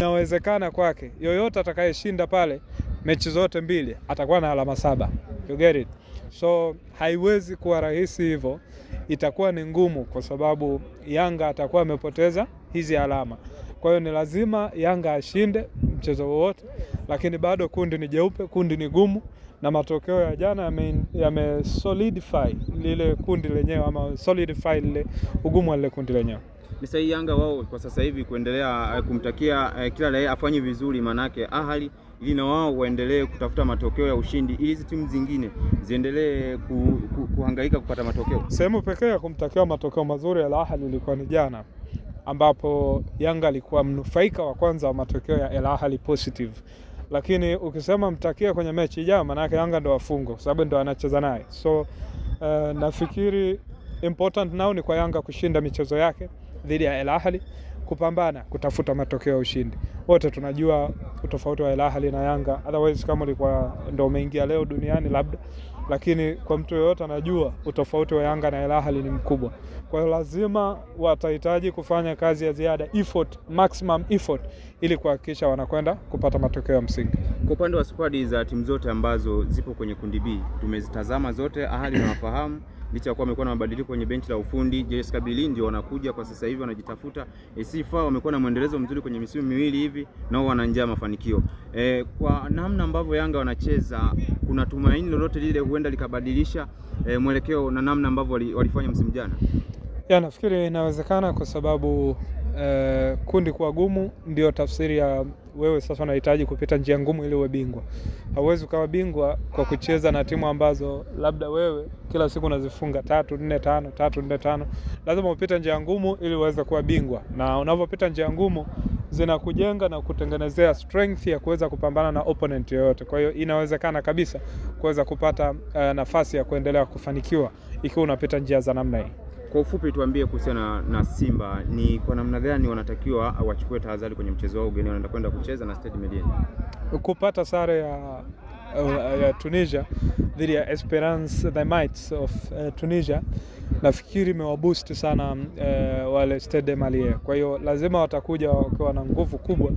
Inawezekana kwake yoyote atakayeshinda pale mechi zote mbili atakuwa na alama saba. You get it? So haiwezi kuwa rahisi hivyo, itakuwa ni ngumu kwa sababu Yanga atakuwa amepoteza hizi alama. Kwa hiyo ni lazima Yanga ashinde mchezo wowote, lakini bado kundi ni jeupe, kundi ni gumu, na matokeo ya jana yamesolidify yame lile kundi lenyewe ama solidify lile ugumu wa lile kundi lenyewe ni sahihi Yanga wao kwa sasa hivi kuendelea eh, kumtakia eh, kila la afanye vizuri, maanake ahali ili na wao waendelee kutafuta matokeo ya ushindi ili hizi timu zingine ziendelee ku, ku, kuhangaika kupata matokeo. Sehemu pekee ya kumtakia matokeo mazuri ya Ahali ilikuwa ni jana, ambapo Yanga alikuwa mnufaika wa kwanza wa matokeo ya Al Ahly positive, lakini ukisema mtakia kwenye mechi ijayo, maana yake Yanga ndo wafungo kwa sababu ndo anacheza naye. So uh, nafikiri important nao ni kwa Yanga kushinda michezo yake dhidi ya El Ahly kupambana kutafuta matokeo ya ushindi. Wote tunajua utofauti wa El Ahly na Yanga, otherwise kama ulikuwa ndio umeingia leo duniani labda, lakini kwa mtu yoyote anajua utofauti wa Yanga na El Ahly ni mkubwa. Kwa hiyo lazima watahitaji kufanya kazi ya ziada, effort, maximum effort, ili kuhakikisha wanakwenda kupata matokeo ya msingi. Kwa upande wa squad za timu zote ambazo zipo kwenye kundi B tumezitazama zote, Ahly nawafahamu licha ya kuwa amekuwa na mabadiliko kwenye benchi la ufundi. JS Kabili ndio wanakuja kwa sasa hivi wanajitafuta. AC eh, FAR wamekuwa na mwendelezo mzuri kwenye misimu miwili hivi, nao wana njaa mafanikio. E, kwa namna ambavyo Yanga wanacheza kuna tumaini lolote lile huenda likabadilisha e, mwelekeo na namna ambavyo walifanya msimu jana? Ya, nafikiri inawezekana kwa sababu Eh, kundi kuwa gumu ndio tafsiri ya wewe sasa unahitaji kupita njia ngumu ili uwe bingwa. Hauwezi ukawa bingwa kwa kucheza na timu ambazo labda wewe kila siku unazifunga tatu nne tano tatu nne tano. Lazima upite njia ngumu ili uweze kuwa bingwa, na unavyopita njia ngumu zinakujenga na kutengenezea strength ya kuweza kupambana na opponent yoyote. Kwa hiyo inawezekana kabisa kuweza kupata uh, nafasi ya kuendelea kufanikiwa ikiwa unapita njia za namna hii. Kwa ufupi tuambie kuhusiana na Simba ni kwa namna gani wanatakiwa wachukue tahadhari kwenye mchezo wao ugeni wanaenda kwenda kucheza na Stade Malien. Kupata sare ya, ya Tunisia dhidi ya Esperance the Mites of uh, Tunisia nafikiri imewaboost sana uh, wale Stade Malien. Kwa hiyo lazima watakuja wakiwa na nguvu kubwa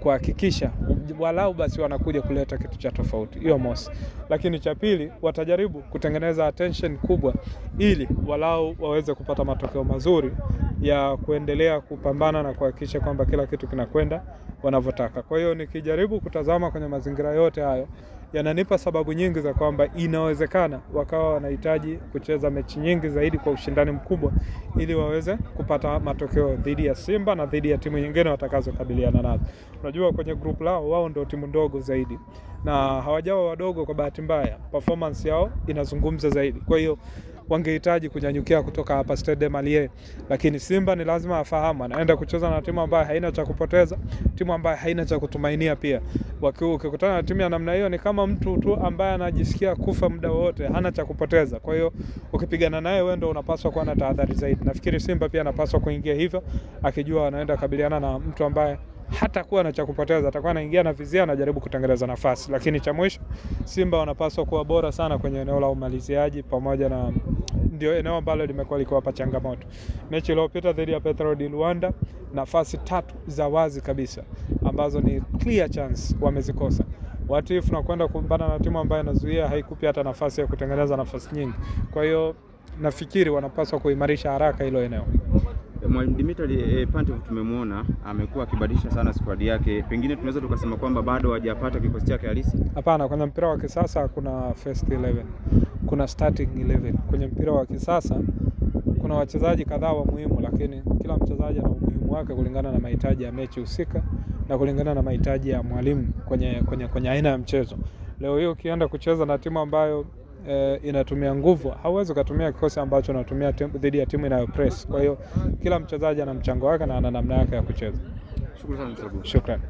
kuhakikisha walau basi wanakuja kuleta kitu cha tofauti. Hiyo mosi, lakini cha pili, watajaribu kutengeneza attention kubwa, ili walau waweze kupata matokeo mazuri ya kuendelea kupambana na kuhakikisha kwamba kila kitu kinakwenda wanavyotaka. Kwa hiyo nikijaribu kutazama kwenye mazingira yote hayo yananipa sababu nyingi za kwamba inawezekana wakawa wanahitaji kucheza mechi nyingi zaidi kwa ushindani mkubwa, ili waweze kupata matokeo dhidi ya Simba na dhidi ya timu nyingine watakazokabiliana nazo. Unajua, kwenye grupu lao wao ndio timu ndogo zaidi na hawajawa wadogo, kwa bahati mbaya performance yao inazungumza zaidi, kwa hiyo wangehitaji kunyanyukia kutoka hapa Stade de Malie, lakini Simba ni lazima afahamu anaenda kucheza na timu ambayo haina cha kupoteza, timu ambayo haina cha kutumainia pia. Wakiwa ukikutana na timu ya namna hiyo, ni kama mtu tu ambaye anajisikia kufa muda wote, hana cha kupoteza. Kwa hiyo ukipigana naye, wewe ndio unapaswa kuwa na tahadhari zaidi. Nafikiri Simba pia anapaswa kuingia hivyo, akijua anaenda kabiliana na mtu ambaye hata kuwa na cha kupoteza, atakuwa anaingia na vizia, anajaribu kutengeneza nafasi. Lakini cha mwisho, Simba wanapaswa kuwa bora sana kwenye eneo la umaliziaji, pamoja na ndio eneo ambalo limekuwa likiwapa changamoto. Mechi iliyopita dhidi ya Petro di Luanda, nafasi tatu za wazi kabisa ambazo ni clear chance wamezikosa. Watifu na kwenda kumbana na timu ambayo inazuia, haikupi hata nafasi ya kutengeneza nafasi nyingi. Kwa hiyo nafikiri wanapaswa kuimarisha haraka hilo eneo. Mwalimu Dimitri e, Pantev tumemwona amekuwa akibadilisha sana squad yake, pengine tunaweza tukasema kwamba bado hajapata kikosi chake halisi. Hapana, kwenye mpira wa kisasa kuna first 11, kuna starting 11. Kwenye mpira wa kisasa kuna wachezaji kadhaa wa muhimu, lakini kila mchezaji ana umuhimu wake kulingana na mahitaji ya mechi husika na kulingana na mahitaji ya mwalimu kwenye, kwenye, kwenye aina ya mchezo. Leo hiyo ukienda kucheza na timu ambayo eh, inatumia nguvu, hauwezi ukatumia kikosi ambacho unatumia dhidi ya timu inayo press. Kwa hiyo kila mchezaji ana mchango wake na ana namna yake ya kucheza. Shukrani.